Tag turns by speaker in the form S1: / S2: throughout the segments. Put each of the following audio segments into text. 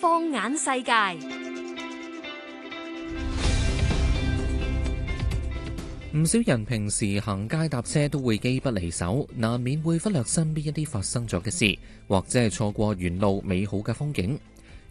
S1: 放眼世界，唔少人平時行街搭車都會機不離手，難免會忽略身邊一啲發生咗嘅事，或者係錯過沿路美好嘅風景。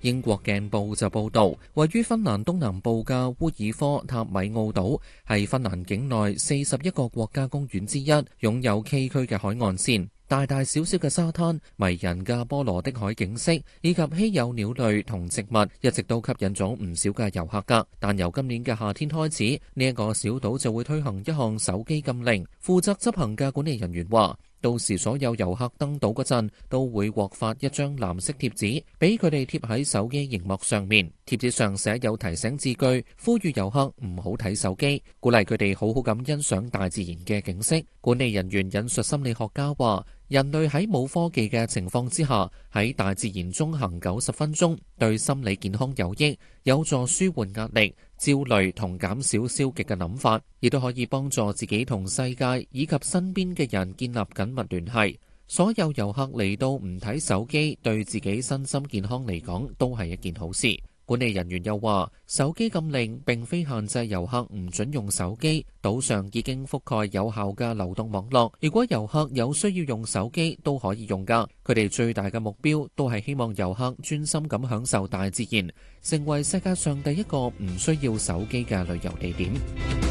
S1: 英國鏡報就報道，位於芬蘭東南部嘅烏爾科塔米奧島係芬蘭境內四十一個國家公園之一，擁有崎嶇嘅海岸線。大大小小嘅沙灘、迷人嘅波羅的海景色以及稀有鳥類同植物，一直都吸引咗唔少嘅遊客㗎。但由今年嘅夏天開始，呢一個小島就會推行一項手機禁令。負責執行嘅管理人員話，到時所有遊客登島嗰陣，都會獲發一張藍色貼紙，俾佢哋貼喺手機熒幕上面。貼紙上寫有提醒字句，呼籲遊客唔好睇手機，鼓勵佢哋好好咁欣賞大自然嘅景色。管理人員引述心理學家話：人類喺冇科技嘅情況之下，喺大自然中行九十分鐘，對心理健康有益，有助舒緩壓力、焦慮同減少消極嘅諗法，亦都可以幫助自己同世界以及身邊嘅人建立緊密聯繫。所有遊客嚟到唔睇手機，對自己身心健康嚟講，都係一件好事。管理人員又話，手機禁令並非限制遊客唔准用手機，島上已經覆蓋有效嘅流動網絡，如果遊客有需要用手機都可以用㗎。佢哋最大嘅目標都係希望遊客專心咁享受大自然，成為世界上第一個唔需要手機嘅旅遊地點。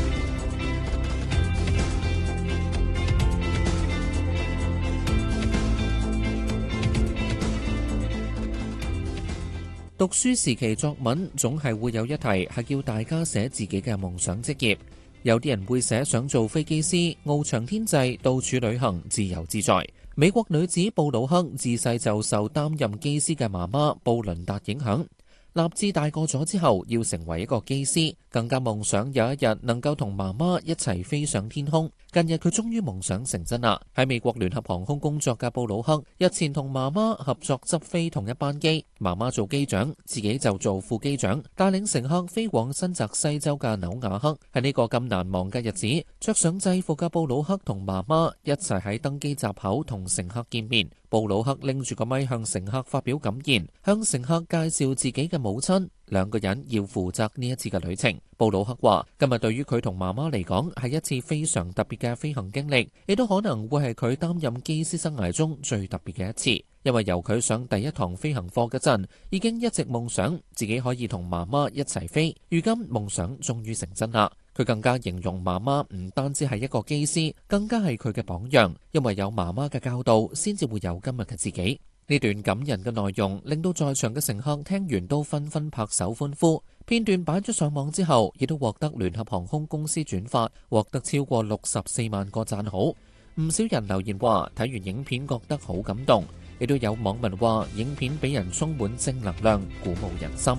S1: 讀書時期，作文總係會有一題係叫大家寫自己嘅夢想職業。有啲人會寫想做飛機師，翱翔天際，到處旅行，自由自在。美國女子布魯克自細就受擔任機師嘅媽媽布倫達影響。立志大個咗之後，要成為一個機師，更加夢想有一日能夠同媽媽一齊飛上天空。近日佢終於夢想成真啦！喺美國聯合航空工作嘅布魯克，日前同媽媽合作執飛同一班機，媽媽做機長，自己就做副機長，帶領乘客飛往新澤西州嘅紐瓦克。喺呢個咁難忘嘅日子，着上制服嘅布魯克同媽媽一齊喺登機閘口同乘客見面。布魯克拎住個咪向乘客發表感言，向乘客介紹自己嘅母親。兩個人要負責呢一次嘅旅程。布魯克話：今日對於佢同媽媽嚟講，係一次非常特別嘅飛行經歷，亦都可能會係佢擔任機師生涯中最特別嘅一次，因為由佢上第一堂飛行課嗰陣，已經一直夢想自己可以同媽媽一齊飛，如今夢想終於成真啦。佢更加形容媽媽唔單止係一個機師，更加係佢嘅榜樣，因為有媽媽嘅教導，先至會有今日嘅自己。呢段感人嘅內容令到在場嘅乘客聽完都紛紛拍手歡呼。片段擺咗上網之後，亦都獲得聯合航空公司轉發，獲得超過六十四萬個讚好。唔少人留言話睇完影片覺得好感動，亦都有網民話影片俾人充滿正能量，鼓舞人心。